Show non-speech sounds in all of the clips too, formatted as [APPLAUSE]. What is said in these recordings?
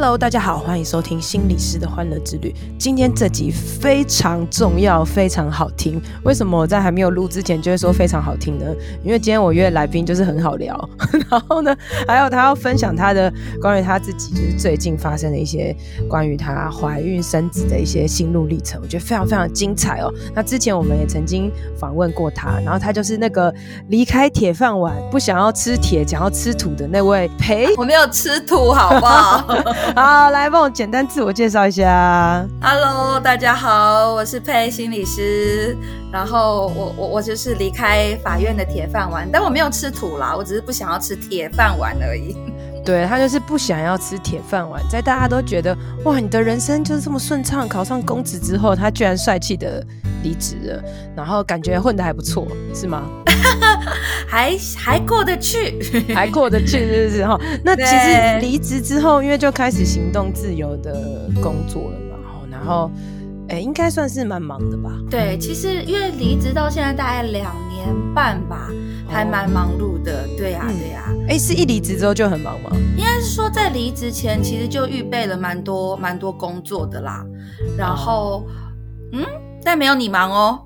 Hello，大家好，歡迎收聽心理師的歡樂之旅。今天這集非常重要，非常好聽。為什麼我在還沒有錄之前就會說非常好聽呢？因為今天我約來賓就是很好聊，然後呢，還有他要分享他的關於他自己就是最近發生的一些關於他懷孕生子的一些心路歷程，我覺得非常非常精彩哦。那之前我們也曾經訪問過他，然後他就是那個離開鐵飯碗，不想要吃鐵，想要吃土的那位 Pei。呸，我沒有吃土，好不好？ [LAUGHS] [LAUGHS] 好，來幫我簡單自我介紹一下。Hello，大家好，我是佩心理師。然後我我我就是離開法院的鐵飯碗，但我沒有吃土啦，我只是不想要吃鐵飯碗而已。對，他就是不想要吃鐵飯碗，在大家都覺得哇，你的人生就是這麼順暢，考上公職之後，他居然帥氣的離職了，然後感覺混得還不錯，是嗎？ [LAUGHS] 還還過得去， [LAUGHS] 還過得去是不是哈 [LAUGHS] 那其實離職之後，因為就開始行動自由的工作了嘛，然後，哎，應該算是蠻忙的吧？對，其實因為離職到現在大概兩年半吧。還蠻忙碌的，對呀、啊，對呀、啊。誒、嗯欸、是一離職之後就很忙嗎？應該是說在離職前其實就預備了蠻多蠻多工作的啦。然後，哦、嗯，但沒有你忙哦。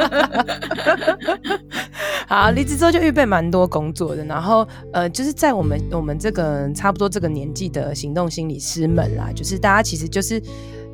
[LAUGHS] [LAUGHS] 好，離職之後就預備蠻多工作的。然後，呃，就是在我們我們這個差不多這個年紀的行動心理師們啦，就是大家其實就是。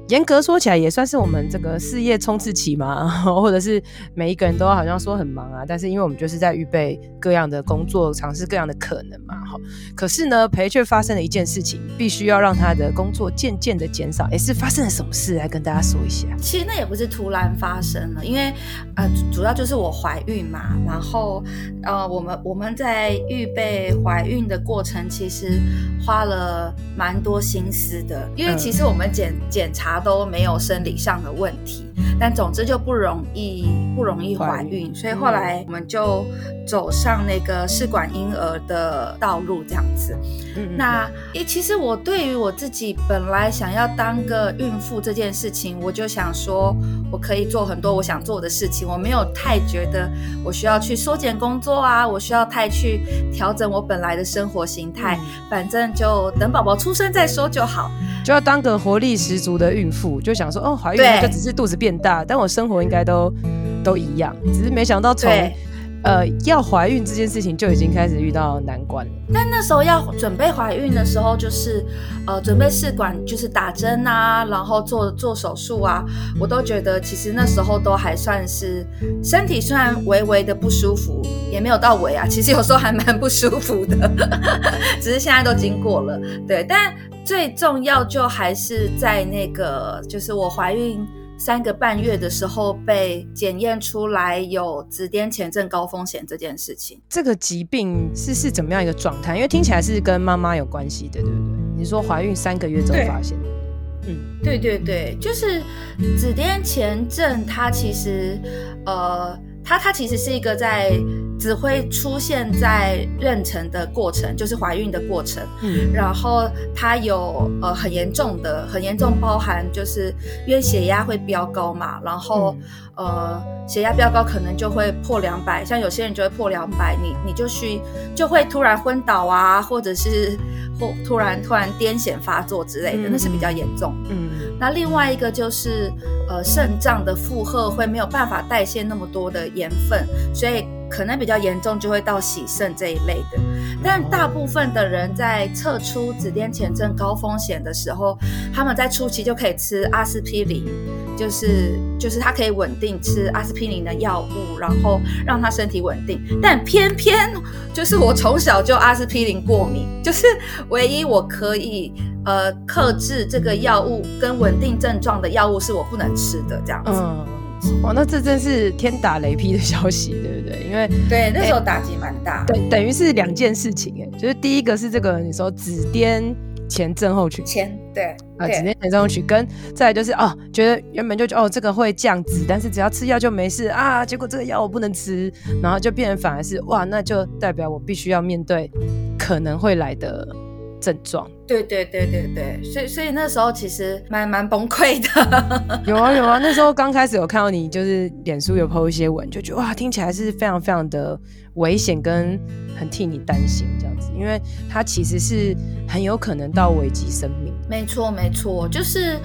嚴格說起來，也算是我們這個事業衝刺期嘛，或者是每一個人都好像說很忙啊，但是因為我們就是在預備各樣的工作，嘗試各樣的可能嘛，哈。可是呢，培卻發生了一件事情，必須要讓他的工作漸漸的減少。也、欸、是發生了什麼事來跟大家說一下？其實那也不是突然發生了，因為呃，主要就是我懷孕嘛，然後呃，我們我們在預備懷孕的過程，其實花了蠻多心思的，因為其實我們檢檢、嗯、查。都沒有生理上的問題，但總之就不容易不容易懷孕，所以後來我們就走上那個試管嬰兒的道路，這樣子。那其實我對於我自己本來想要當個孕婦這件事情，我就想說。我可以做很多我想做的事情，我沒有太覺得我需要去縮減工作啊，我需要太去調整我本來的生活形態，嗯、反正就等寶寶出生再說就好，就要當個活力十足的孕婦，就想說哦，懷孕了就只是肚子變大，對但我生活應該都都一樣，只是沒想到從。呃，要懷孕這件事情就已經開始遇到難關了。但那時候要準備懷孕的時候，就是呃，準備試管，就是打針啊，然後做做手術啊，我都覺得其實那時候都還算是身體雖然微微的不舒服，也沒有到尾啊，其實有時候還蠻不舒服的， [LAUGHS] 只是現在都經過了。對，但最重要就還是在那個，就是我懷孕。三個半月的時候被檢驗出來有子癲前症高風險這件事情，這個疾病是是怎麼樣一個狀態？因為聽起來是跟媽媽有關係的，對不對？你說懷孕三個月之後發現，對嗯，對對對，就是子癲前症，它其實，呃。它它其實是一個在只會出現在妊娠的過程，就是懷孕的過程。嗯，然後它有呃很嚴重的，很嚴重包含就是因為血壓會飆高嘛，然後、嗯、呃血壓飆高可能就會破兩百，像有些人就會破兩百，你你就去就會突然昏倒啊，或者是或突然突然癲癇發作之類的，嗯、那是比較嚴重嗯。嗯。那另外一個就是，呃，腎臟的負荷會沒有辦法代謝那麼多的鹽分，所以。可能比較嚴重就會到洗腎這一類的，但大部分的人在測出子癲前症高風險的時候，他們在初期就可以吃阿斯匹靈，就是就是他可以穩定吃阿斯匹靈的藥物，然後讓他身體穩定。但偏偏就是我從小就阿斯匹靈過敏，就是唯一我可以呃克制這個藥物跟穩定症狀的藥物是我不能吃的這樣子。哇，那這真是天打雷劈的消息，對不對？因為對、欸、那時候打擊蠻大，等等於是兩件事情、欸，哎，對，就是第一個是這個你說子癲前症候群，前對啊，子癲前症候群，嗯、跟再來就是哦、啊，覺得原本就覺哦這個會降脂，但是只要吃藥就沒事啊，結果這個藥我不能吃，然後就變成反而是哇，那就代表我必須要面對可能會來的。症狀，對對對對對，所以所以那時候其實蠻蠻崩潰的。 [LAUGHS] 有啊有啊，那時候剛開始有看到你就是臉書有 PO 一些文，就覺得哇，聽起來是非常非常的危險，跟很替你擔心這樣子，因為它其實是很有可能到危及生命。沒錯沒錯，就是。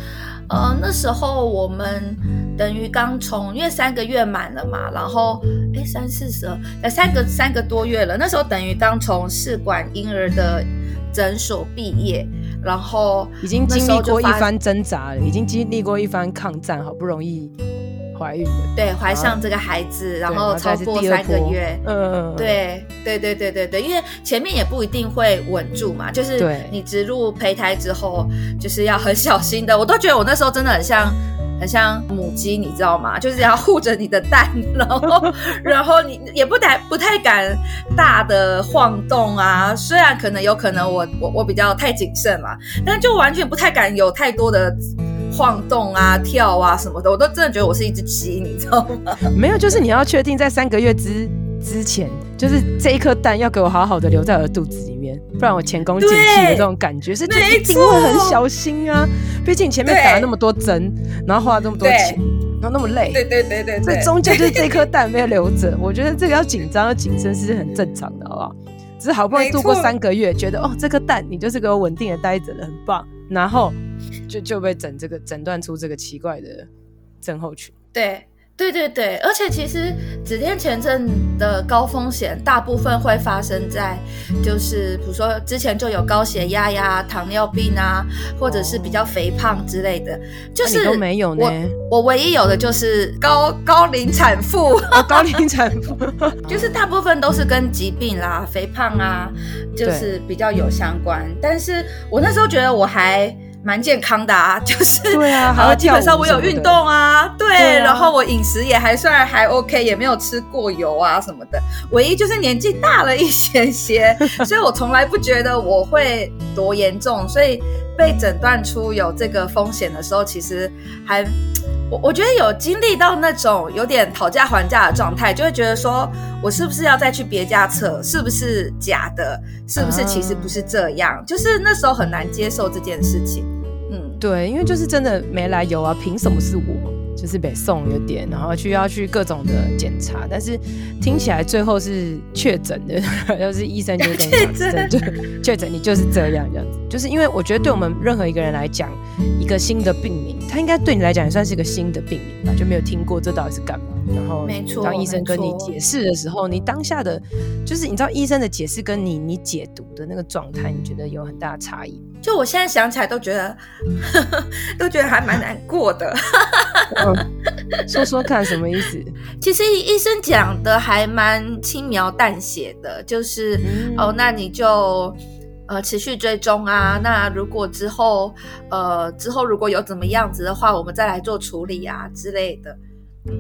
呃，那時候我們等於剛從，因為三個月滿了嘛，然後哎三四十二，呃三個三個多月了，那時候等於剛從試管嬰兒的診所畢業，然後已經經歷過一番掙扎了，已經經歷過一番抗戰，好不容易。嗯懷孕的對，懷上這個孩子，啊、然後超過三個月，嗯，對，懷懷呃、對對對對對，因為前面也不一定會穩住嘛，嗯、就是你植入胚胎之後，就是要很小心的，對我都覺得我那時候真的很像很像母雞，你知道嗎？就是要護着你的蛋，然後 [LAUGHS] 然後你也不太不太敢大的晃動啊，雖然可能有可能我我我比較太謹慎了，但就完全不太敢有太多的。晃動啊，跳啊什麼的，我都真的覺得我是一隻雞，你知道嗎？沒有，就是你要確定在三個月之之前，就是這一顆蛋要給我好好的留在我的肚子裡面，不然我前功盡棄的這種感覺對是就一定會很小心啊。錯畢竟前面打了那麼多針，對然後花了那麼多錢，對然後那麼累，對對，對對對對，所以終究就是這一顆蛋沒有留着。對對對對，我覺得這個要緊張 [LAUGHS] 要謹慎是很正常的，好不好？只是好不容易度過三個月，錯覺得哦，這顆蛋你就是給我穩定的待着了，很棒。然後。就就被診這個診斷出這個奇怪的症候群。對對對對，而且其實子癲前症的高風險大部分會發生在，就是比如說之前就有高血壓呀、啊、糖尿病啊，或者是比較肥胖之類的。哦、就是、啊、都沒有呢，我我唯一有的就是高高齡產婦。高齡產婦、 [LAUGHS] 哦、 [LAUGHS] 就是大部分都是跟疾病啦、肥胖啊，就是比較有相關。對但是我那時候覺得我還。蠻健康的啊，就是，對啊，然後基本上我有運動啊，對，對啊，然後我飲食也還算還 OK，也沒有吃過油啊什麼的，唯一就是年紀大了一些些，啊、所以我從來不覺得我會多嚴重， [LAUGHS] 所以。被診斷出有這個風險的時候，其實還，我我覺得有經歷到那種有點討價還價的狀態，就會覺得說我是不是要再去別家測，是不是假的，是不是其實不是這樣，uh, 就是那時候很難接受這件事情。嗯，對，因為就是真的沒來由啊，憑什麼是我？就是被送有點，然後去要去各種的檢查，但是聽起來最後是確診的，又、嗯、 [LAUGHS] 是醫生就跟你確診，確診 [LAUGHS] 其實 你就是這樣這樣子，就是因為我覺得對我們任何一個人來講，一個新的病名，他應該對你來講也算是一個新的病名吧，就沒有聽過這到底是幹嘛。然後，沒錯，當醫生跟你解釋的時候，你當下的就是你知道醫生的解釋跟你你解讀的那個狀態，你覺得有很大的差異。就我現在想起來都覺得，呵呵都覺得還蠻難過的。 [LAUGHS] 嗯、說說看什麼意思？其實醫生講的還蠻輕描淡寫的，就是、嗯、哦，那你就呃持續追蹤啊。那如果之後呃之後如果有怎麼樣子的話，我們再來做處理啊之類的。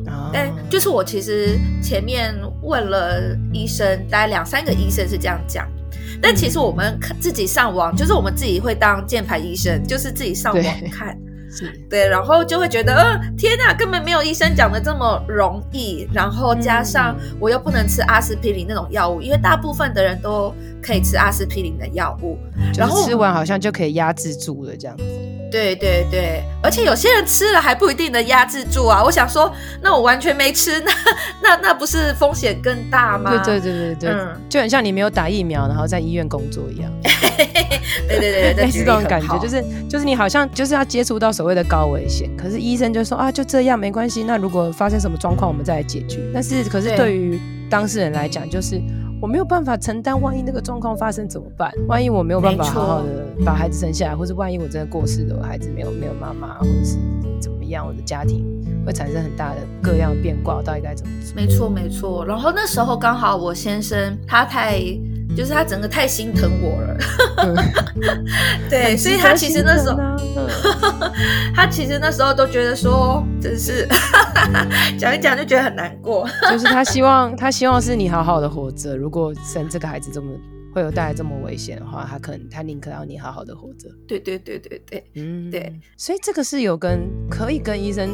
哦、但就是我其實前面問了醫生，大概兩三個醫生是這樣講。但其實我們自己上網，嗯、就是我們自己會當鍵盤醫生，就是自己上網看，對，是對，然後就會覺得，嗯、呃，天哪、啊，根本沒有醫生講的這麼容易。然後加上我又不能吃阿斯匹靈那種藥物，因為大部分的人都可以吃阿斯匹靈的藥物，然後吃完好像就可以壓制住了這樣子。對對對，而且有些人吃了還不一定能壓制住啊！我想說，那我完全沒吃，那那那不是風險更大嗎？對對對對，嗯、就很像你沒有打疫苗，然後在醫院工作一樣。對 [LAUGHS] 對對對，是這種感覺， [LAUGHS] 就是就是你好像就是要接觸到所謂的高危險，可是醫生就說啊，就這樣沒關係。那如果發生什麼狀況，嗯、我們再來解決。但是，可是對於當事人來講，就是。我沒有辦法承擔，萬一那個狀況發生怎麼辦？萬一我沒有辦法好好的把孩子生下來，沒錯。或者萬一我真的過世了，我孩子沒有沒有媽媽，或者是怎麼樣，我的家庭會產生很大的各樣的變卦，我到底該怎麼做？沒錯沒錯，然後那時候剛好我先生他太。就是他整個太心疼我了，嗯、 [LAUGHS] 對，啊、所以他其實那時候，嗯、 [LAUGHS] 他其實那時候都覺得說，真是 [LAUGHS] 講一講就覺得很難過。就是他希望， [LAUGHS] 他希望是你好好的活着。如果生這個孩子這麼會有帶來這麼危險的話，他可能他寧可要你好好的活着。對對對對對，嗯，對。所以這個是有跟可以跟醫生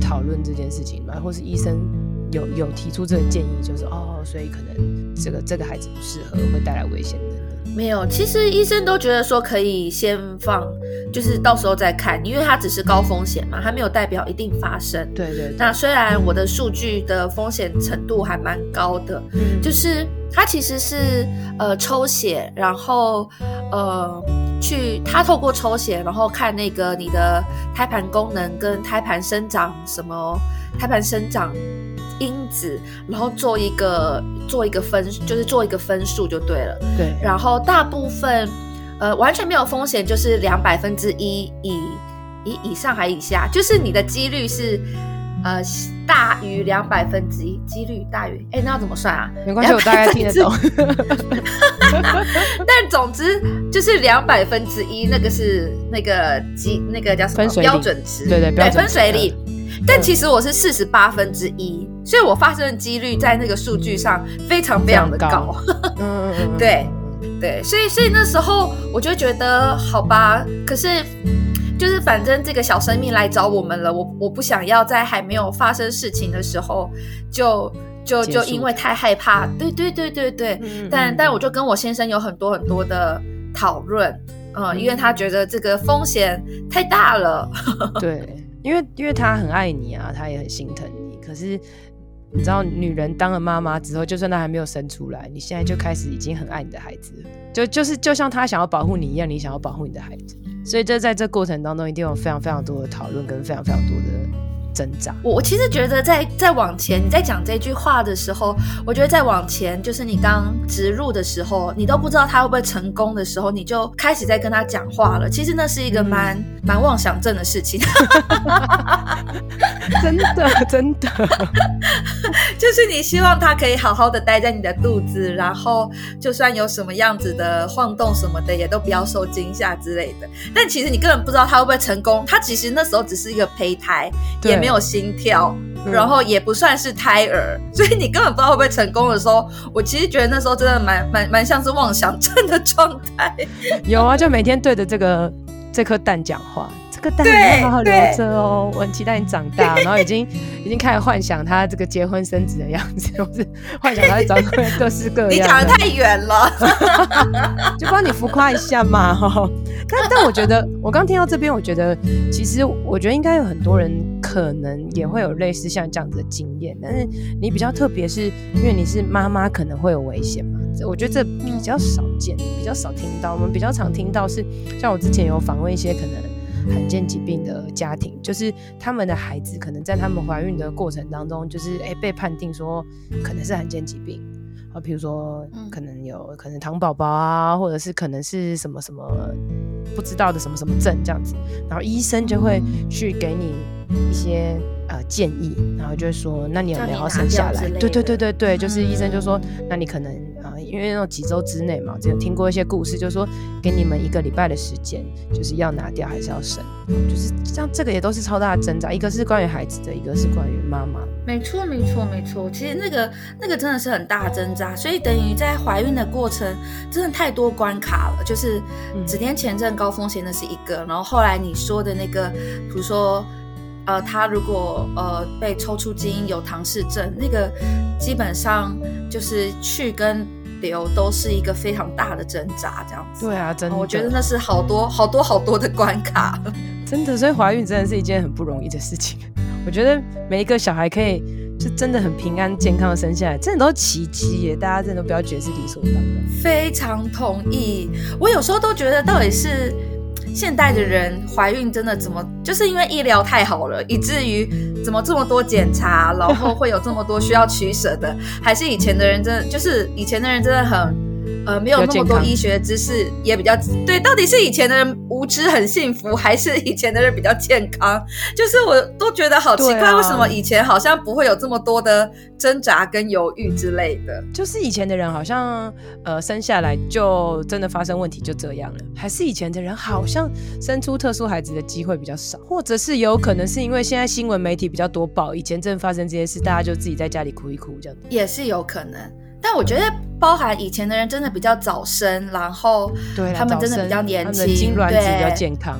討論這件事情嗎？或是醫生？有有提出這個建議，就是哦，所以可能這個這個孩子不適合，會帶來危險的。沒有，其實醫生都覺得說可以先放，就是到時候再看，因為它只是高風險嘛，嗯，它沒有代表一定發生。對對對。那雖然我的數據的風險程度還蠻高的，嗯，就是它其實是呃抽血，然後呃去它透過抽血，然後看那個你的胎盤功能跟胎盤生長什麼，胎盤生長。因子，然後做一個做一個分，就是做一個分數就對了。對，然後大部分，呃，完全沒有風險，就是兩百分之一以以以上還以下，就是你的幾率是呃大於兩百分之一幾率大於。哎，那要怎麼算啊？沒關係，我大概聽得懂。 [LAUGHS] [LAUGHS] [LAUGHS] 但總之就是兩百分之一，那個是那個基那個叫什麼標準值？對對對，分水嶺。但其實我是四十八分之一，所以我發生的幾率在那個數據上非常非常的高。嗯，高嗯，嗯 [LAUGHS] 對，對，所以所以那時候我就覺得好吧，可是就是反正這個小生命來找我們了，我我不想要在還沒有發生事情的時候就就就因為太害怕。束對對對對對。嗯嗯，但但我就跟我先生有很多很多的討論，嗯，嗯因為他覺得這個風險太大了。對。因為因為他很愛你啊，他也很心疼你。可是你知道，女人當了媽媽之後，就算她還沒有生出來，你現在就開始已經很愛你的孩子了。就就是就像他想要保護你一樣，你想要保護你的孩子。所以這在這過程當中，一定有非常非常多的討論跟非常非常多的增長。我我其實覺得在，在在往前，你在講這句話的時候，我覺得在往前，就是你剛植入的時候，你都不知道他會不會成功的時候，你就開始在跟他講話了。其實那是一個蠻、嗯、蠻妄想症的事情，真 [LAUGHS] 的 [LAUGHS] 真的，真的 [LAUGHS] 就是你希望他可以好好的待在你的肚子，然後就算有什麼樣子的晃動什麼的，也都不要受驚嚇之類的。但其實你根本不知道他會不會成功，他其實那時候只是一個胚胎，對。也沒有心跳，然後也不算是胎兒，嗯、所以你根本不知道會不會成功的時候，我其實覺得那時候真的蠻蠻蠻像是妄想症的狀態。有啊，就每天對着這個這顆蛋講話，這個蛋你要好好留着哦，對我很期待你長大，對然後已經已經開始幻想他這個結婚生子的樣子， [LAUGHS] 幻想他會找各各式各樣，你講的太遠了， [LAUGHS] 就幫你浮誇一下嘛。呵呵但但我覺得，我剛聽到這邊，我覺得其實我覺得應該有很多人可能也會有類似像這樣子的經驗，但是你比較特別，是因為你是媽媽，可能會有危險嘛？我覺得這比較少見，比較少聽到。我們比較常聽到是像我之前有訪問一些可能罕見疾病的家庭，就是他們的孩子可能在他們懷孕的過程當中，就是誒、欸、被判定說可能是罕見疾病。啊，比如說，可能有可能糖寶寶啊，或者是可能是什麼什麼不知道的什麼什麼症這樣子，然後醫生就會去給你一些。呃，建議，然後就說，那你有沒有要生下來？對對對對對，嗯、就是醫生就說，那你可能啊、呃，因為那種幾周之內嘛，只有聽過一些故事，就說，給你們一個禮拜的時間，就是要拿掉還是要生、嗯，就是像這個也都是超大的掙扎，一個是關於孩子的，一個是關於媽媽，沒錯沒錯沒錯，其實那個那個真的是很大的掙扎，所以等於在懷孕的過程真的太多關卡了，就是子癲前症高風險的是一個，然後後來你說的那個，比如說。呃，他如果呃被抽出基因有唐氏症，那個基本上就是去跟留都是一個非常大的掙扎，這樣子。對啊，真的。我覺得那是好多好多好多的關卡。真的，所以懷孕真的是一件很不容易的事情。 [LAUGHS] 我覺得每一個小孩可以就真的很平安健康的生下來，真的都是奇蹟耶！大家真的都不要覺得是理所當然。非常同意，我有時候都覺得到底是。現代的人懷孕真的怎麼，就是因為醫療太好了，以至於怎麼這麼多檢查，然後會有這麼多需要取捨的，還是以前的人真的，就是以前的人真的很。呃，沒有那麼多醫學知識，比也比較對。到底是以前的人無知很幸福，還是以前的人比較健康？就是我都覺得好奇怪，啊、為什麼以前好像不會有這麼多的掙扎跟猶豫之類的？就是以前的人好像呃生下來就真的發生問題就這樣了，還是以前的人好像生出特殊孩子的機會比較少，嗯、或者是有可能是因為現在新聞媒體比較多報，嗯、以前真發生這些事，嗯、大家就自己在家裡哭一哭這樣。也是有可能。但我覺得，包含以前的人真的比較早生，然後他們真的比較年輕，對，健康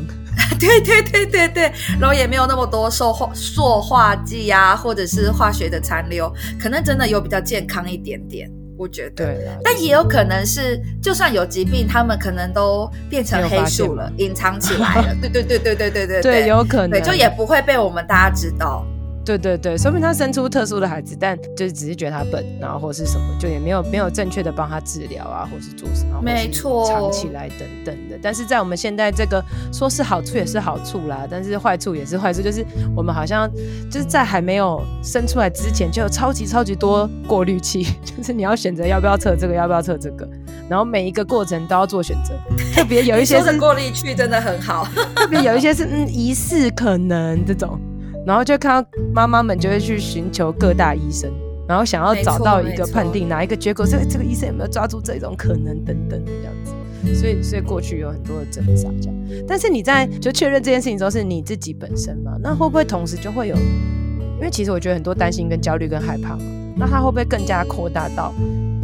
對。對對對對，然後也沒有那麼多塑化塑化劑啊，或者是化學的殘留，可能真的有比較健康一點點，我覺得。對啦但也有可能是，就算有疾病，嗯、他們可能都變成黑數了，隱藏起來了。 [LAUGHS] 對，對，對對對對對對對，對有可能對，就也不會被我們大家知道。對對對，說明他生出特殊的孩子，但就是只是覺得他笨，然後或是什麼，就也沒有沒有正確的幫他治療啊，或是做什麼，沒錯，藏起來等等的。錯但是在我們現在這個，說是好處也是好處啦，但是壞處也是壞處，就是我們好像就是在還沒有生出來之前，就有超級超級多過濾器，就是你要選擇要不要測這個，要不要測這個，然後每一個過程都要做選擇。嗯、特別有一些是過濾器真的很好， [LAUGHS] 特別有一些是嗯，疑似可能這種。然後就看到媽媽們就會去尋求各大醫生，然後想要找到一個判定哪一個結果，這個這個醫生有沒有抓住這種可能等等的這樣子，所以所以過去有很多的掙扎這樣。但是你在就確認這件事情的時候是你自己本身嘛？那會不會同時就會有？因為其實我覺得很多擔心跟焦慮跟害怕嘛，那他會不會更加擴大到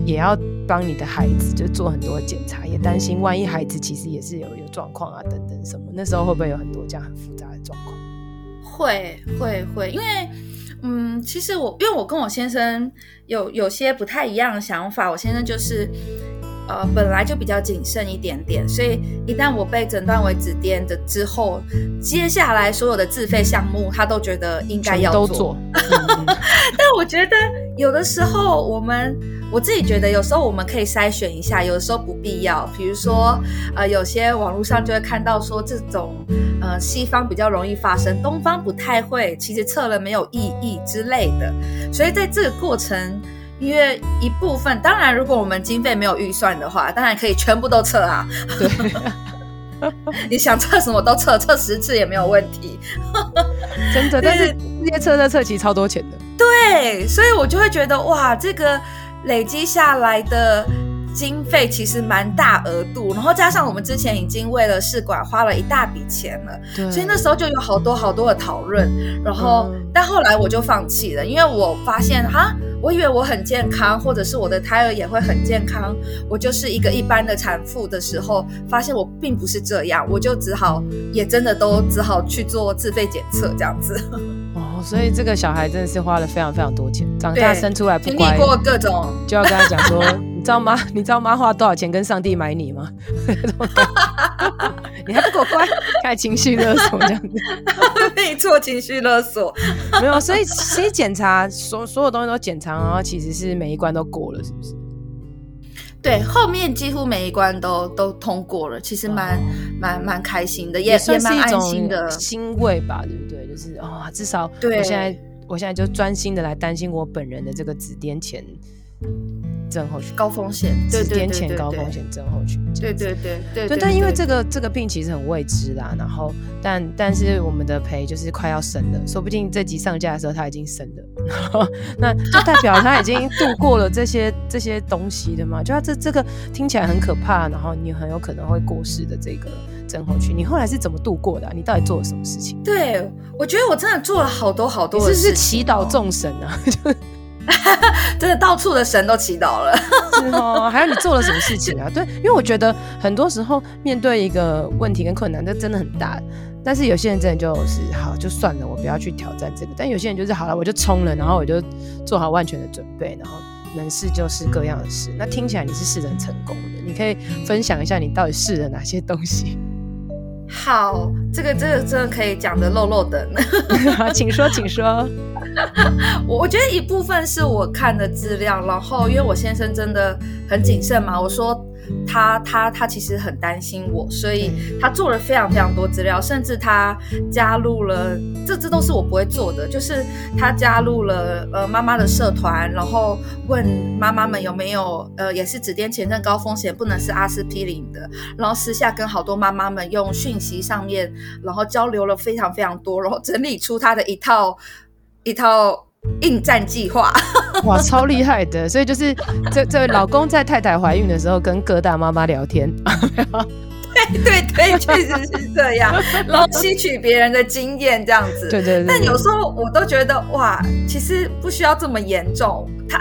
也要幫你的孩子就做很多檢查，也擔心萬一孩子其實也是有有狀況啊等等什麼？那時候會不會有很多這樣很複雜的狀況？會會會，因為嗯，其實我因為我跟我先生有，有些不太一樣的想法，我先生就是、呃、本來就比較謹慎一點點，所以一旦我被診斷為子癲的之後，接下來所有的自費項目他都覺得應該要做。 [LAUGHS] 我覺得有的時候，我們我自己覺得，有時候我們可以篩選一下，有的時候不必要。比如說，呃，有些網絡上就會看到說，這種呃，西方比較容易發生，東方不太會。其實測了沒有意義之類的。所以在這個過程，因為一部分，當然，如果我們經費沒有預算的話，當然可以全部都測啊。你想測什麼都測，測十次也沒有問題。 [LAUGHS] 真的，但是這些測的對測其實超多錢的。對，所以我就會覺得哇，這個累積下來的經費其實蠻大額度，然後加上我們之前已經為了試管花了一大筆錢了，對，所以那時候就有好多好多的討論，然後、嗯、但後來我就放棄了，因為我發現啊，我以為我很健康，或者是我的胎兒也會很健康，我就是一個一般的產婦的時候，發現我並不是這樣，我就只好也真的都只好去做自費檢測這樣子。哦、所以這個小孩真的是花了非常非常多錢，長大生出來不乖，經歷過各種，就要跟他講說， [LAUGHS] 你知道媽？你知道媽花多少錢跟上帝買你嗎？ [LAUGHS] [LAUGHS] 你還不夠乖，太 [LAUGHS] 情緒勒索這樣子， [LAUGHS] 沒錯，情緒勒索。 [LAUGHS] 沒有，所以其實檢查所所有東西都檢查，然後其實是每一關都過了，是不是？對，後面幾乎每一關都都通過了，其實蠻、哦、蠻蠻，蠻開心的，也，也算是一種欣慰吧。是啊、哦，至少我現在對我現在就專心的來擔心我本人的這個子癲前症候群、高風險子癲前高風險症候群，對對對對，對。但因為這個這個病其實很未知啦，然後但但是我們的 pei 就是快要生了，嗯、說不定這集上架的時候他已經生了，那就代表他已經度過了這些 [LAUGHS] 這些東西的嘛，就他這這個聽起來很可怕，然後你很有可能會過世的這個。症候群，你後來是怎麼度過的、啊？你到底做了什麼事情？對我覺得我真的做了好多好多事情，你是是祈禱眾神啊，哦、 [LAUGHS] 真的到處的神都祈禱了， [LAUGHS] 是嗎、哦？還有你做了什麼事情啊？ [LAUGHS] 對，因為我覺得很多時候面對一個問題跟困難，這真的很大。但是有些人真的就是好，就算了，我不要去挑戰這個。但有些人就是好了，我就衝了，然後我就做好萬全的準備，然後能試就是各樣的事。那聽起來你是試人成功的，你可以分享一下你到底試了哪些東西？好，這個這個真的可以講得落落長， [LAUGHS] [LAUGHS] 請說，請說。 [LAUGHS] 我覺得一部分是我看的資料，然後因為我先生真的很謹慎嘛，我說他他他其實很擔心我，所以他做了非常非常多資料，甚至他加入了這這都是我不會做的，就是他加入了呃媽媽的社團，然後問媽媽們有沒有呃也是子癲前症高風險不能是阿斯匹靈的，然後私下跟好多媽媽們用訊息上面然後交流了非常非常多，然後整理出他的一套。一套應戰計劃，哇，超厲害的！ [LAUGHS] 所以就是這這位老公在太太懷孕的時候，跟各大媽媽聊天， [LAUGHS] [LAUGHS] 對對對，確實是這樣。然後老吸取別人的經驗，這樣子。對對，對對對。但有時候我都覺得，哇，其實不需要這麼嚴重。他，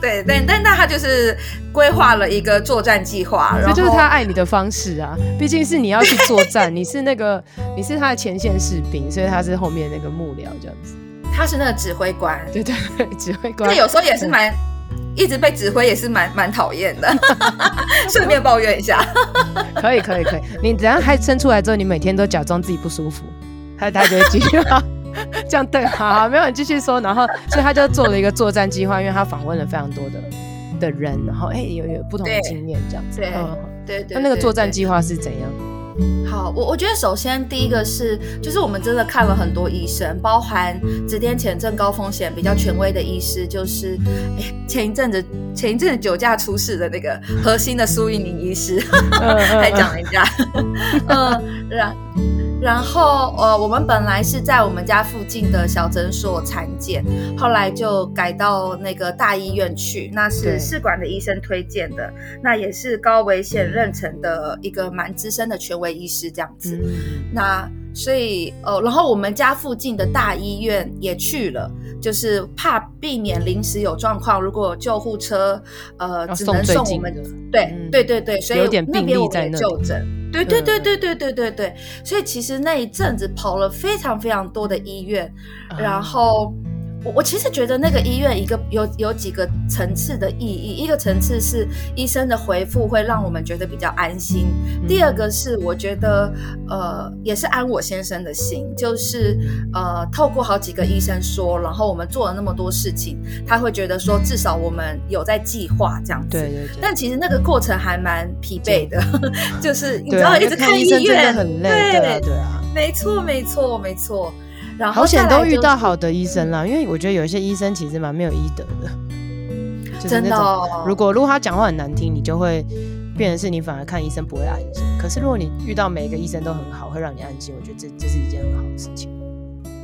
對，對，對，但但那他就是規劃了一個作戰計劃，這、嗯、後就是他愛你的方式啊！畢竟是你要去作戰，對 你是那個 [LAUGHS] 你是他的前線士兵，所以他是後面那個幕僚這樣子。他是那個指揮官，對，對對，指揮官。那有時候也是蠻，嗯、一直被指揮也是蠻蠻討厭的。順 [LAUGHS] 便抱怨一下， [LAUGHS] 可以可以可以。你等下他生出來之後，你每天都假裝自己不舒服，他他就會繼續這樣對。好，沒有，你繼續說，然後所以他就做了一個作戰計劃， [LAUGHS] 因為他訪問了非常多的的人，然後哎、欸、有有不同的經驗這樣子。對，嗯、對對對，對，那那個作戰計劃是怎樣？好，我我覺得首先第一個是，就是我們真的看了很多醫生，包含子癲前症高風險比較權威的醫師，就是、欸、前一陣子前一陣子酒駕出事的那個核心的蘇一寧醫師，還講了一下嗯， [LAUGHS] 然後，呃，我們本來是在我們家附近的小診所產檢，後來就改到那個大醫院去，那是試管的醫生推薦的，對那也是高危險妊娠的一個蠻資深的權威醫師這樣子。嗯、那所以，呃，然後我們家附近的大醫院也去了，就是怕避免臨時有狀況，如果有救護車，呃，只能送我們。啊、對、嗯、對對對，所以那邊我們也就診。對對對對對對對對，所以其實那一陣子跑了非常非常多的醫院，然後，嗯我我其實覺得那個醫院一個有有幾個層次的意義，一個層次是醫生的回覆會讓我們覺得比較安心。嗯、第二個是我覺得，嗯、呃，也是安我先生的心，就是、嗯、呃，透過好幾個醫生說，然後我們做了那麼多事情，他會覺得說至少我們有在計劃這樣子。對，對對。但其實那個過程還蠻疲憊的，對 [LAUGHS] 就是你知道，啊、一直看醫院，醫生真的很累對對啊，沒錯沒錯沒錯。嗯沒錯沒錯就是、好險都遇到好的醫生啦，嗯、因為我覺得有一些醫生其實蠻沒有醫德的，就是那種、哦、如果如果他講話很難聽，你就會變成是你反而看醫生不會安心。可是如果你遇到每一個醫生都很好，會讓你安心，我覺得這這、就是一件很好的事情。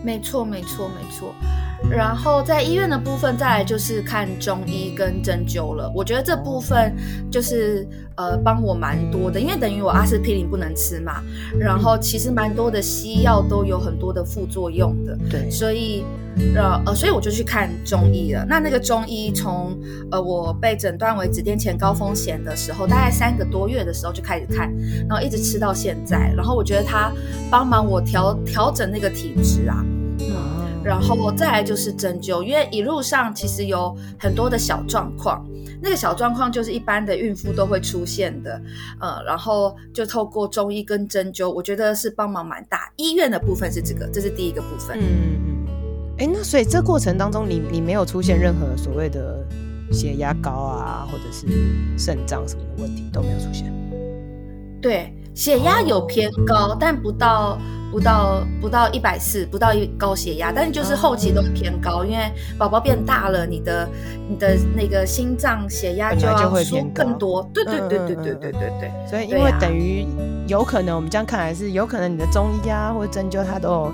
沒錯，沒錯，沒錯。然後在醫院的部分，再來就是看中醫跟針灸了。我覺得這部分就是呃，幫我蠻多的，因為等於我阿斯匹靈不能吃嘛。然後其實蠻多的西藥都有很多的副作用的，對。所以，呃呃，所以我就去看中醫了。那那個中醫從呃我被診斷為子癇前高風險的時候，大概三個多月的時候就開始看，然後一直吃到現在。然後我覺得他幫忙我調調整那個體質啊。嗯，然後再來就是針灸，因為一路上其實有很多的小狀況，那個小狀況就是一般的孕婦都會出現的，呃、嗯，然後就透過中醫跟針灸，我覺得是幫忙蠻大。醫院的部分是這個，這是第一個部分。嗯嗯。哎、欸，那所以這過程當中你，你你沒有出現任何所謂的血壓高啊，或者是腎臟什麼的問題都沒有出現？對，血壓有偏高，哦、但不到。不到不到一百四，不到一高血壓，嗯、但是就是後期都偏高，嗯、因為寶寶變大了，嗯、你的你的那個心臟血壓就會偏高，更多，嗯、對對對對對對對，所以因為等於有可能，啊、我們這樣看來是有可能你的中醫啊或者針灸它都有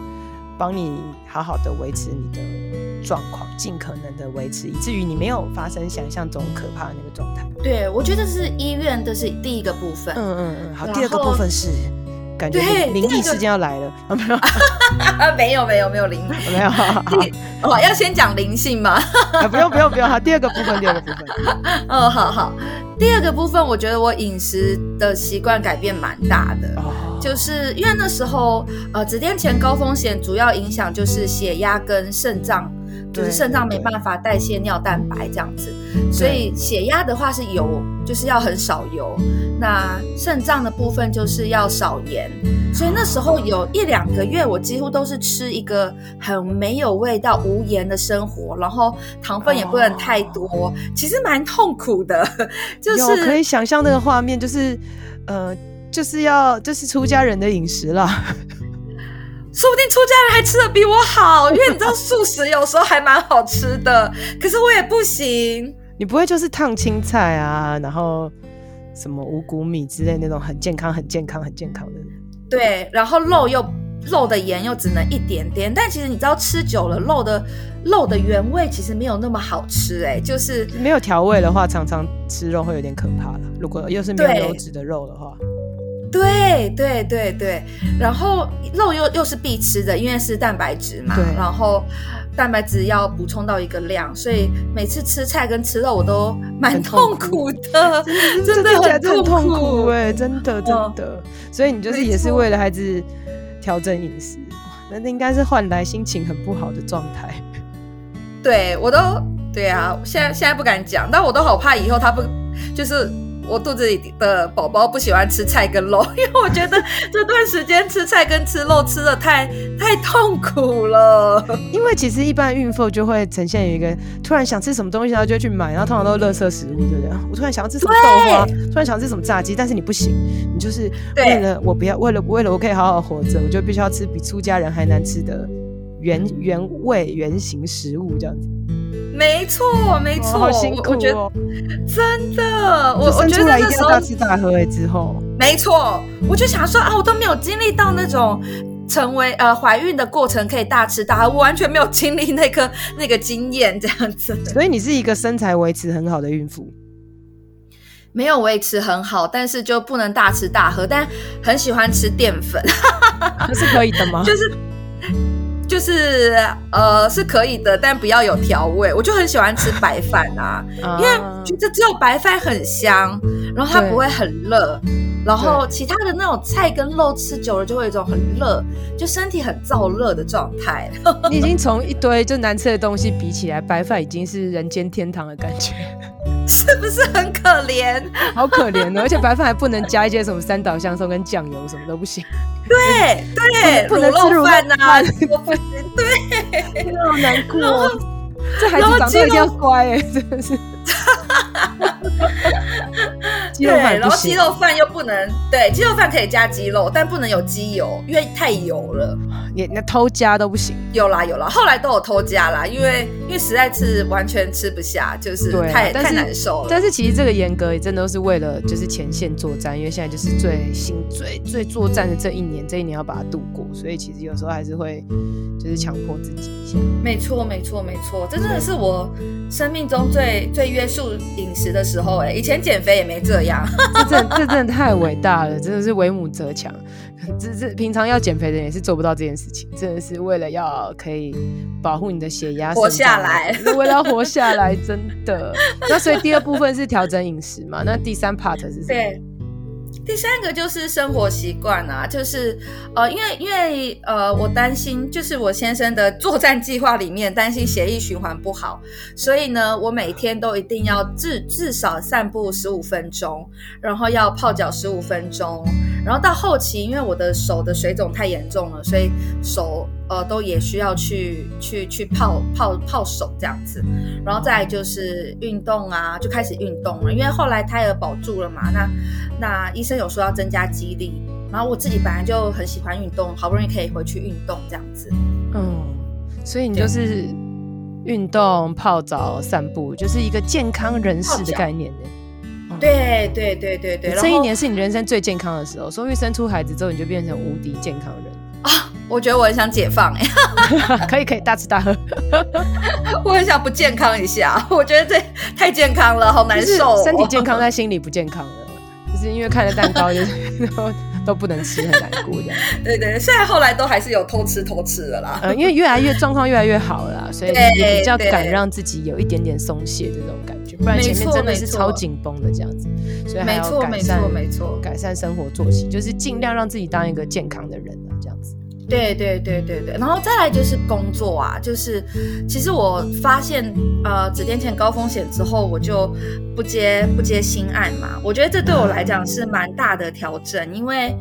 幫你好好的維持你的狀況，盡可能的維持，以至於你沒有發生想象中可怕的那個狀態。對，我覺得這是醫院，這是第一個部分，嗯嗯嗯，好，後第二個部分是。對，靈異事件要來了，沒有啊？沒有沒有沒有靈沒有哦。要先講靈性嗎？ [LAUGHS] 啊、不用不用不用哈。第二個部分，第二個部分。哦，好好，第二個部分，我覺得我飲食的習慣改變蠻大的，哦、就是因為那時候，呃，子癲前高風險主要影響就是血壓跟腎臟。就是腎臟沒辦法代謝尿蛋白這樣子，對對對，所以血壓的話是油，就是要很少油。那腎臟的部分就是要少鹽，所以那時候有一兩個月，我幾乎都是吃一個很沒有味道、無鹽的生活，然後糖分也不能太多，哦、其實蠻痛苦的。就是、有可以想象那個畫面，就是呃，就是要就是出家人的飲食啦。說不定出家人還吃得比我好，因為你知道素食有時候還蠻好吃的。 [LAUGHS] 可是我也不行。你不會就是燙青菜啊，然後什麼五穀米之類那種很健康、很健康、很健康的人。對，然後肉又、嗯、肉的鹽又只能一點點，但其實你知道吃久了肉的肉的原味其實沒有那麼好吃哎、欸，就是沒有調味的話，嗯、常常吃肉會有點可怕了。如果又是沒有油脂的肉的話。對對對對，對，然後肉又又是必吃的，因為是蛋白質嘛。對。然後蛋白質要補充到一個量，所以每次吃菜跟吃肉我都蠻痛苦的，苦真的很痛苦哎， [LAUGHS] 真的真的。 [LAUGHS] 嗯、所以你就是也是為了孩子調整飲食，沒錯，那應該是換來心情很不好的狀態。對，我都對啊，對現在現在不敢講，但我都好怕以後他不就是。我肚子裡的寶寶不喜歡吃菜跟肉，因為我覺得這段時間吃菜跟吃肉吃的太太痛苦了。 [LAUGHS] 因為其實一般孕婦就會呈現有一個突然想吃什麼東西，然後就會去買，然後通常都樂色食物，對不對？我突然想要吃什麼豆花，對突然想吃什麼炸雞，但是你不行，你就是為了我不要，對為了為了我可以好好活着，我就必須要吃比出家人還難吃的原原味原型食物這樣子。沒錯，沒錯，哦哦、我我覺得真的，我我覺得那時候一定要大吃大喝誒、欸，之後沒錯，我就想說啊，我都沒有經歷到那種成為呃懷孕的過程，可以大吃大喝，我完全沒有經歷那顆那個經驗這樣子。所以你是一個身材維持很好的孕婦？沒有維持很好，但是就不能大吃大喝，但很喜歡吃澱粉， [LAUGHS] 是可以的嗎？就是。就是呃是可以的，但不要有調味。我就很喜歡吃白飯啊， [LAUGHS] 因為覺得只有白飯很香，然後它不會很熱。然後其他的那種菜，跟肉吃久了就會有一種很熱，就身體很燥熱的狀態。你已經從一堆就難吃的東西比起來，白飯已經是人間天堂的感覺，是不是很可憐？好可憐哦！而且白飯還不能加一些什麼三島香鬆跟醬油，什麼都不行。對對，對，不能吃滷肉飯吶，啊，我不行。對，好難過。然後，然後，這孩子長得一定要乖哎，真的然後是，是。肉對，然後雞肉飯又不能，對，雞肉飯可以加雞肉，但不能有雞油，因為太油了。你那偷加都不行。有啦有啦，後來都有偷加啦，因為因為實在是完全吃不下，就是太啦太難受了但。但是其實這個嚴格也真的是為了就是前線作戰，因為現在就是最新最最作戰的這一年，這一年要把它度過，所以其實有時候還是會就是強迫自己一下。沒錯沒錯沒錯，這真的是我生命中最 Okay. 最約束飲食的時候哎、欸，以前減肥也沒這。呀， [LAUGHS] 這真的這真的太偉大了，真的是為母則強。這這平常要減肥的人也是做不到這件事情，真的是為了要可以保護你的血壓活下來，是為了要活下來， [LAUGHS] 真的。那所以第二部分是調整飲食嘛？那第三 part 是什麼？第三個就是生活習慣啊，就是，呃，因為因為呃，我擔心，就是我先生的作戰計劃裡面擔心血液循環不好，所以呢，我每天都一定要至至少散步十五分鐘，然後要泡腳十五分鐘。然後到後期，因為我的手的水腫太嚴重了，所以手呃都也需要去去去泡泡泡手這樣子。然後再來就是運動啊，就開始運動了，因為後來胎兒保住了嘛。那那醫生有說要增加肌力，然後我自己本來就很喜歡運動，好不容易可以回去運動這樣子。嗯，所以你就是運動、泡澡、散步，就是一個健康人士的概念。對對對對對，對對對對，這一年是你人生最健康的時候，所以生出孩子之後你就變成無敵健康人、嗯、啊！我覺得我很想解放、欸 [LAUGHS] [LAUGHS] 可，可以可以大吃大喝， [LAUGHS] [LAUGHS] 我很想不健康一下，我覺得這太健康了，好難受，身體健康 [LAUGHS] 但心理不健康了，就是因為看着蛋糕就然、是、後。 [LAUGHS] [LAUGHS] 都不能吃很難過這樣子， [LAUGHS] 對，對對，雖然後來都還是有偷吃偷吃的啦，呃，因為越來越狀況越來越好了啦，所以也比較敢讓自己有一點點鬆懈這種感覺，不然前面真的是超緊繃的這樣子，沒錯，所以還要改善，沒錯，改善生活作息，嗯，就是盡量讓自己當一個健康的人。對對對對對，然後再來就是工作啊，就是其實我發現呃，子癲前高風險之後，我就不接不接新案嘛，我覺得這對我來講是蠻大的調整，因為。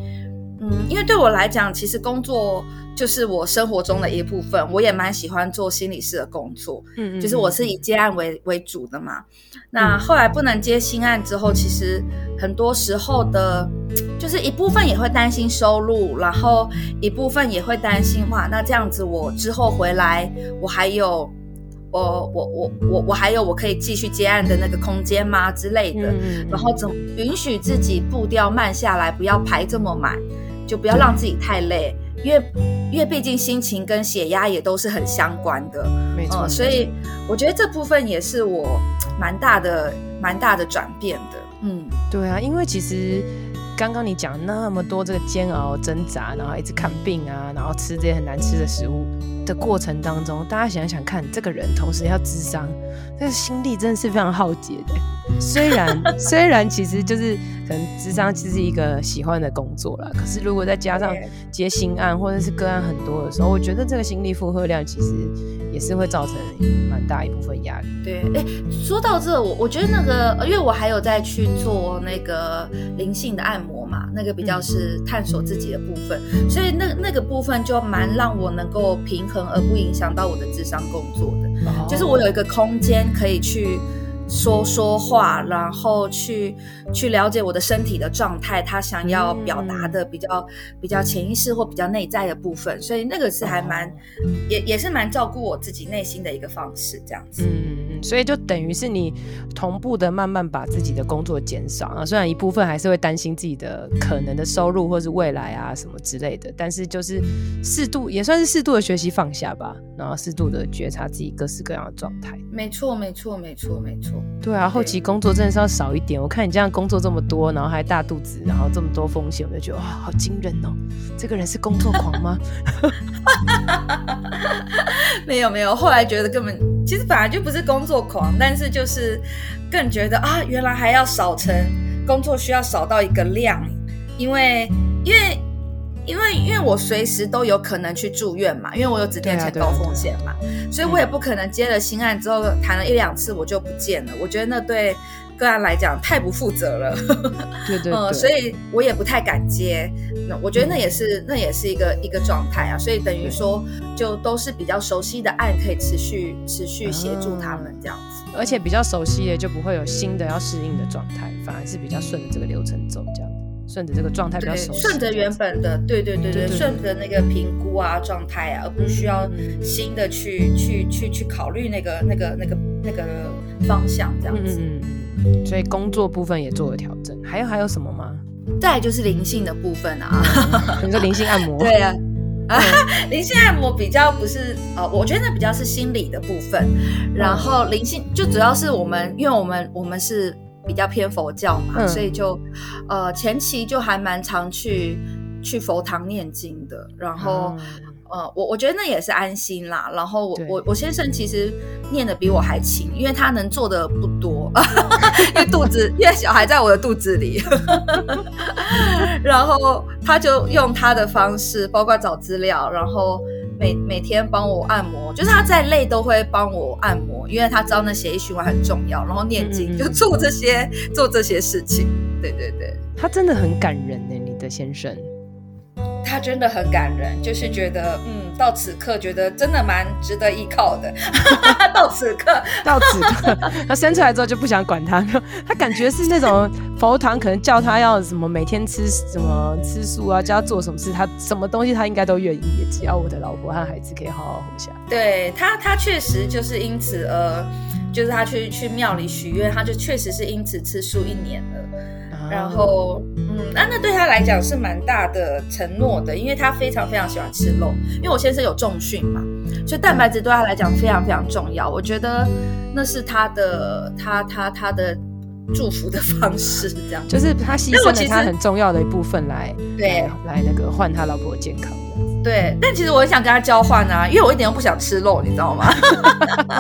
嗯，因為對我來講，其實工作就是我生活中的一部分。我也蠻喜歡做心理師的工作，嗯，就是我是以接案為為主的嘛。嗯、那後來不能接新案之後，其實很多時候的，就是一部分也會擔心收入，然後一部分也會擔心話，那這樣子我之後回來，我還有，我我我我我還有我可以繼續接案的那個空間嗎之類的？嗯、然後怎允許自己步調慢下來，不要排這麼滿。就不要讓自己太累，對因為因為畢竟心情跟血壓也都是很相關的，沒錯錯、嗯。所以我覺得這部分也是我蠻大的蠻大的轉變的。嗯，對啊，因為其實剛剛你講那麼多，這個煎熬掙扎，然後一直看病啊，然後吃這些很難吃的食物。的過程當中，大家想想看，這個人同時要諮商，但是心力真的是非常耗竭的，欸。雖然 [LAUGHS] 雖然，其實就是可能諮商其實是一個喜歡的工作啦，可是如果再加上接新案或者是個案很多的時候，我覺得這個心力負荷量其實也是會造成蠻大一部分壓力。對，哎、欸，說到這個，我我覺得那個，因為我還有在去做那個靈性的按摩嘛，那個比較是探索自己的部分，嗯、所以那個、那個部分就蠻讓我能夠平衡，而不影響到我的諮商工作的，oh. 就是我有一個空間可以去說說話，然後去去了解我的身體的狀態，他想要表達的比較、mm hmm. 比較潛意識或比較內在的部分，所以那個是還蠻、oh. 也也是蠻照顧我自己內心的一個方式，這樣子。Mm hmm. 所以就等於是你同步的慢慢把自己的工作減少啊，然後雖然一部分還是會擔心自己的可能的收入或是未來啊什麼之類的，但是就是適度也算是適度的學習放下吧，然後適度的覺察自己各式各樣的狀態。沒錯，沒錯，沒錯，沒錯。對啊，對後期工作真的是要少一點。我看你這樣工作這麼多，然後還大肚子，然後這麼多風險，我就覺得哇、哦，好驚人哦！這個人是工作狂嗎？ [LAUGHS] [LAUGHS] 沒有沒有，後來覺得根本其實本來就不是工作做狂，但是就是更覺得啊，原來還要少成工作需要少到一個量，因為因為因為因為我隨時都有可能去住院嘛，因為我有子癲前症高風險嘛，對啊、對對。所以我也不可能接了新案之後、啊、談了一兩次我就不見了。我覺得那對。對他來講太不負責了， [LAUGHS] 對，對對，呃、嗯，所以我也不太敢接。那我覺得那也是，那也是一個、嗯、一個狀態啊，所以等於說就都是比較熟悉的案，可以持續持續協助他們這樣子、嗯。而且比較熟悉的就不會有新的要適應的狀態，反而是比較順着這個流程走，這樣順着這個狀態比較熟悉，順着原本的對、嗯、對對對，順着那個評估啊狀態啊，而不需要新的去、嗯、去去去考慮那個那個那個那個方向這樣子。嗯所以工作部分也做了調整，嗯、還有還有什麼嗎？再就是靈性的部分啊，嗯、你說靈性按摩？ [LAUGHS] 對啊，嗯、啊、靈性按摩比較不是呃，我覺得那比較是心理的部分。然後靈性就主要是我們，嗯、因為我們我們是比較偏佛教嘛，嗯、所以就呃前期就還蠻常去去佛堂念經的，然後。嗯呃、嗯，我我覺得那也是安心啦。然後我我對我先生其實念的比我還勤，嗯、因為他能做的不多，嗯、 [LAUGHS] 因為肚子， [LAUGHS] 因為小孩在我的肚子裡。 [LAUGHS] 然後他就用他的方式，包括找資料，然後每每天幫我按摩，就是他再累都會幫我按摩，因為他知道那血液循環很重要。然後念經，嗯嗯就做這些做這些事情。對對對，對，他真的很感人呢，欸，你的先生。他真的很感人，就是覺得，嗯，到此刻覺得真的蠻值得依靠的。 [LAUGHS] 到此刻，到此刻， [LAUGHS] 他生出來之後就不想管他。他感覺是那種佛堂，可能叫他要什麼每天吃什麼吃素啊，叫他做什麼事，他什麼東西他應該都願意，只要我的老婆和孩子可以好好活下來。對他，他確實就是因此而，呃，就是他去去廟裡許願，他就確實是因此吃素一年了。然後，嗯，那、啊、那對他來講是蠻大的承諾的，因為他非常非常喜歡吃肉。因為我先生有重訓嘛，所以蛋白質對他來講非常非常重要。嗯、我覺得那是他的他他他，他的祝福的方式，這樣就是他犧牲了他很重要的一部分來對、嗯、來那個換他老婆健康。對，但其實我很想跟他交換啊，因為我一點都不想吃肉，你知道嗎？ [LAUGHS]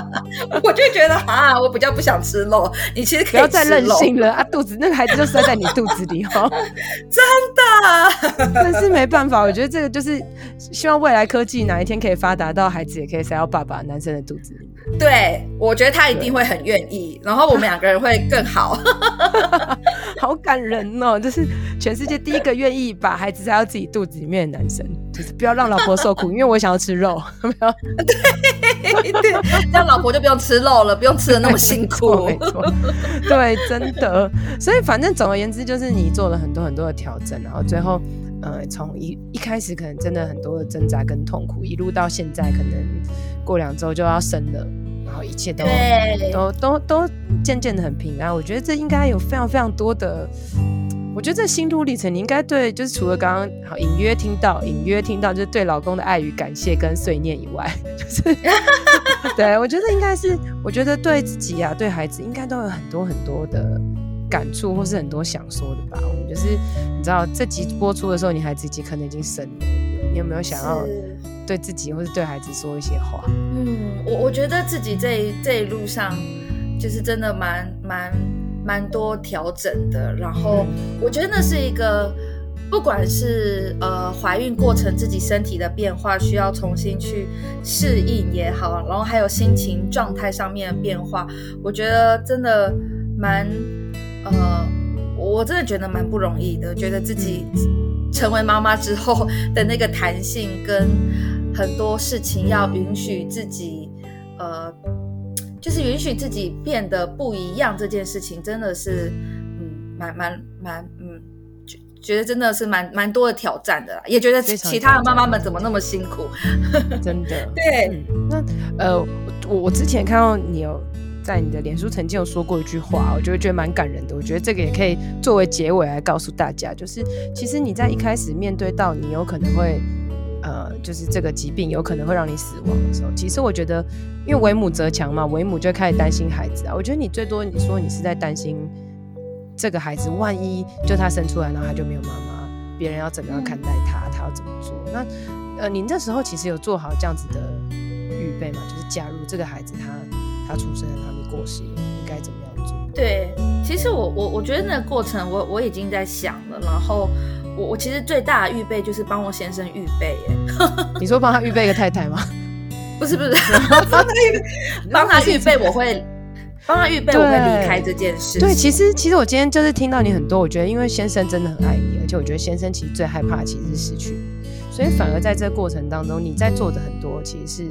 [LAUGHS] 我就覺得啊，我比較不想吃肉。你其實可以吃肉。不要再任性了啊，肚子那個孩子就塞在你肚子裡哦。 [LAUGHS] 真的，但 [LAUGHS] 是沒辦法，我覺得這個就是希望未來科技哪一天可以發達到孩子也可以塞到爸爸男生的肚子裡。對，我覺得他一定會很願意，對然後我們兩個人會更好。 [LAUGHS] 看人哦，這、就是全世界第一個願意把孩子塞到自己肚子裡面的男生，就是不要讓老婆受苦， [LAUGHS] 因為我想要吃肉，不要對，對 [LAUGHS] 這樣老婆就不用吃肉了，不用吃的那麼辛苦。沒錯，對，真的。所以反正總而言之，就是你做了很多很多的調整，然後最後，呃，從一一開始可能真的很多的掙扎跟痛苦，一路到現在，可能過兩週就要生了。然後一切都對都都都漸漸的很平安，我覺得這應該有非常非常多的，我覺得這心路歷程，你應該對就是除了剛剛好隱約聽到、隱約聽到，就是對老公的愛與感謝跟碎念以外，就是 [LAUGHS] 對，我覺得應該是，我覺得對自己啊，對孩子，應該都有很多很多的感觸，或是很多想說的吧。我們就是你知道這集播出的時候，你孩子可能已經生了，你有沒有想要？對自己或是對孩子說一些話。嗯，我我覺得自己這一這一路上，就是真的蠻蠻蠻多調整的。然後我覺得那是一個，不管是呃懷孕過程自己身體的變化需要重新去適應也好，然後還有心情狀態上面的變化，我覺得真的蠻呃，我真的覺得蠻不容易的。覺得自己成為媽媽之後的那個彈性跟。很多事情要允許自己，嗯、呃，就是允許自己變得不一樣。這件事情真的是，嗯，蠻蠻蠻，嗯，覺得真的是蠻蠻多的挑戰的啦，也覺得其他的媽媽們怎麼那麼辛苦？ [LAUGHS] 真的。對，嗯、那呃，我我之前看到你有在你的臉書曾經有說過一句話，我就覺得蠻感人的。我覺得這個也可以作為結尾來告訴大家，就是其實你在一開始面對到你有可能會。呃，就是這個疾病有可能會讓你死亡的時候，其實我覺得，因為為母則強嘛，為母就開始擔心孩子啊。我覺得你最多你說你是在擔心這個孩子，萬一就他生出來，然後他就沒有媽媽，別人要怎麼樣看待他，他要怎麼做？那呃，您這時候其實有做好這樣子的預備嗎？就是假如這個孩子他他出生了，然後你過世，你該怎麼樣做？對，其實我我我覺得那個過程我我已經在想了，然後。我其實最大的預備就是幫我先生預備，耶。 [LAUGHS] 你說幫他預備一個太太嗎？ [LAUGHS] 不是不是，幫他預備，他我會幫他預備我會， [LAUGHS] 幫他預備我會離開這件事對。對，其實其實我今天就是聽到你很多，我覺得因為先生真的很愛你，而且我覺得先生其實最害怕的其實是失去，所以反而在這個過程當中，你在做的很多其實是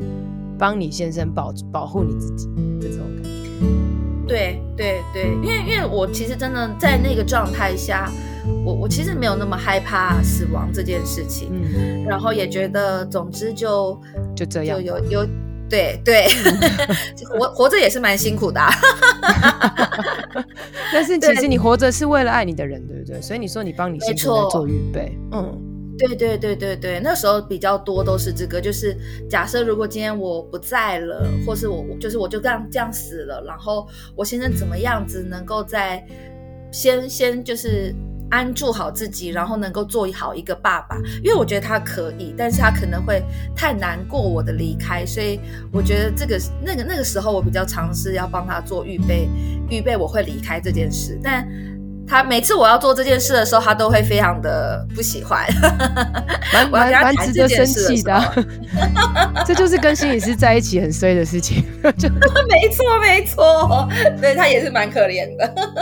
幫你先生保保護你自己這種感覺，對對對，因為因為我其實真的在那個狀態下。我我其實沒有那麼害怕死亡這件事情，嗯、然後也覺得，總之就就這樣就有，有有對對，活活着也是蠻辛苦的，啊， [LAUGHS] [LAUGHS] 但是其實你活着是為了愛你的人，對不對？對，所以你說你幫你先生做預備，嗯，對對對對對，那時候比較多都是這個，就是假設如果今天我不在了，或是我就是我就這樣這樣死了，然後我先生怎麼樣子能夠在先先就是。安住好自己，然後能夠做好一個爸爸，因為我覺得他可以，但是他可能會太難過我的離開，所以我覺得這個那個那個時候我比較嘗試要幫他做預備，預備我會離開這件事，但。他每次我要做這件事的時候，他都會非常的不喜歡，蠻蠻滿 [LAUGHS] 值得生氣的啊。 [LAUGHS] 這就是跟心理師在一起很衰的事情，就 [LAUGHS] [LAUGHS] 沒錯沒錯，對他也是蠻可憐的。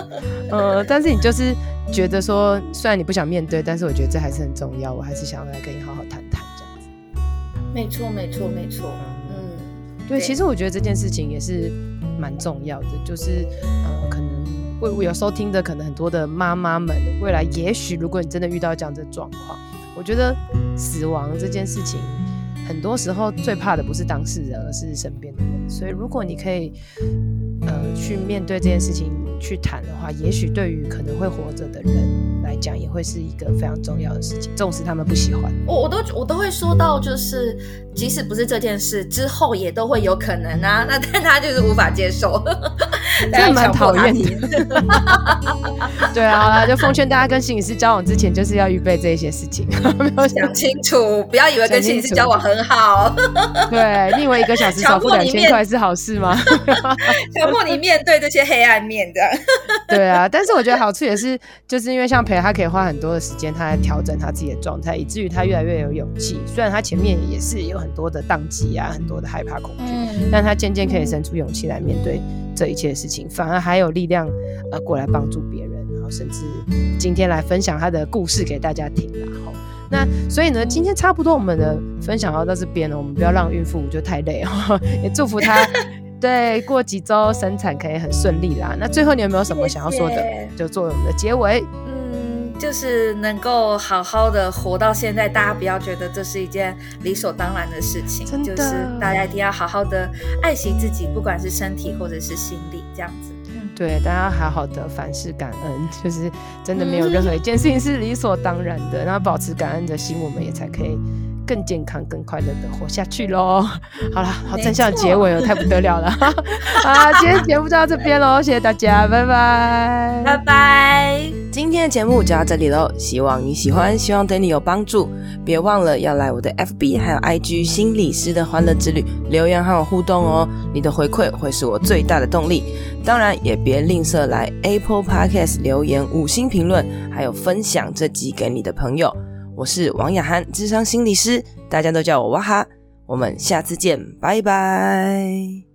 呃、 [LAUGHS] 嗯，但是你就是覺得說，雖然你不想面對，但是我覺得這還是很重要。我還是想要來跟你好好談談這樣子。沒錯沒錯沒錯，嗯，嗯對，對，其實我覺得這件事情也是蠻重要的，就是呃，可能。我我有收聽的可能很多的媽媽們，未來也許，如果你真的遇到這樣的狀況，我覺得死亡這件事情，很多時候最怕的不是當事人，而是身邊的人。所以如果你可以，呃，去面對這件事情去談的話，也許對於可能會活着的人。來講也會是一個非常重要的事情，重視他們不喜歡我，我都我都會說到，就是即使不是這件事之後，也都會有可能啊。那但他就是無法接受，真、嗯、 [LAUGHS] 的蠻討厭你 [LAUGHS] [LAUGHS] 對啊，就奉勸大家跟心理師交往之前，就是要預備這一些事情，沒有想清楚， [LAUGHS] 不要以為跟心理師交往很好。 [LAUGHS] 對，你以為一個小時少付兩千塊是好事嗎？強迫你面對這些黑暗面的，這 [LAUGHS] 樣對啊。但是我覺得好處也是，就是因為像陪。他可以花很多的時間，他來調整他自己的狀態，以至於他越來越有勇氣。雖然他前面也是有很多的當機啊，很多的害怕恐懼，嗯、但他漸漸可以生出勇氣來面對這一切的事情，反而還有力量呃過來幫助別人，然後甚至今天來分享他的故事給大家聽啦。然後、嗯、那所以呢，今天差不多我們的分享要到這邊了，我們不要讓孕婦就太累哦， [LAUGHS] 也祝福她 [LAUGHS] 對，過幾週生產可以很順利啦。那最後你有沒有什麼想要說的？謝謝就作為我們的結尾。就是能夠好好的活到現在，大家不要覺得這是一件理所當然的事情，真的。就是大家一定要好好的愛惜自己，不管是身體或者是心理，這樣子。嗯、對，大家好好的凡事感恩，就是真的沒有任何一件事情是理所當然的。然後、嗯、保持感恩的心，我們也才可以。更健康、更快樂的活下去嘍！好啦，好正向結尾哦，太不得了了 [LAUGHS] 啊！今天節目就到這邊嘍，謝謝大家，拜拜 [LAUGHS] 拜拜！Bye bye 今天的節目就到這裡嘍，希望你喜歡，希望對你有幫助。別忘了要來我的 FB 還有 IG“ 心理師的歡樂之旅”留言和我互動哦，你的回饋會是我最大的動力。當然也別吝嗇來 Apple Podcast 留言、五星評論，還有分享這集給你的朋友。我是王雅涵，諮商心理師，大家都叫我哇哈。我們下次見，拜拜。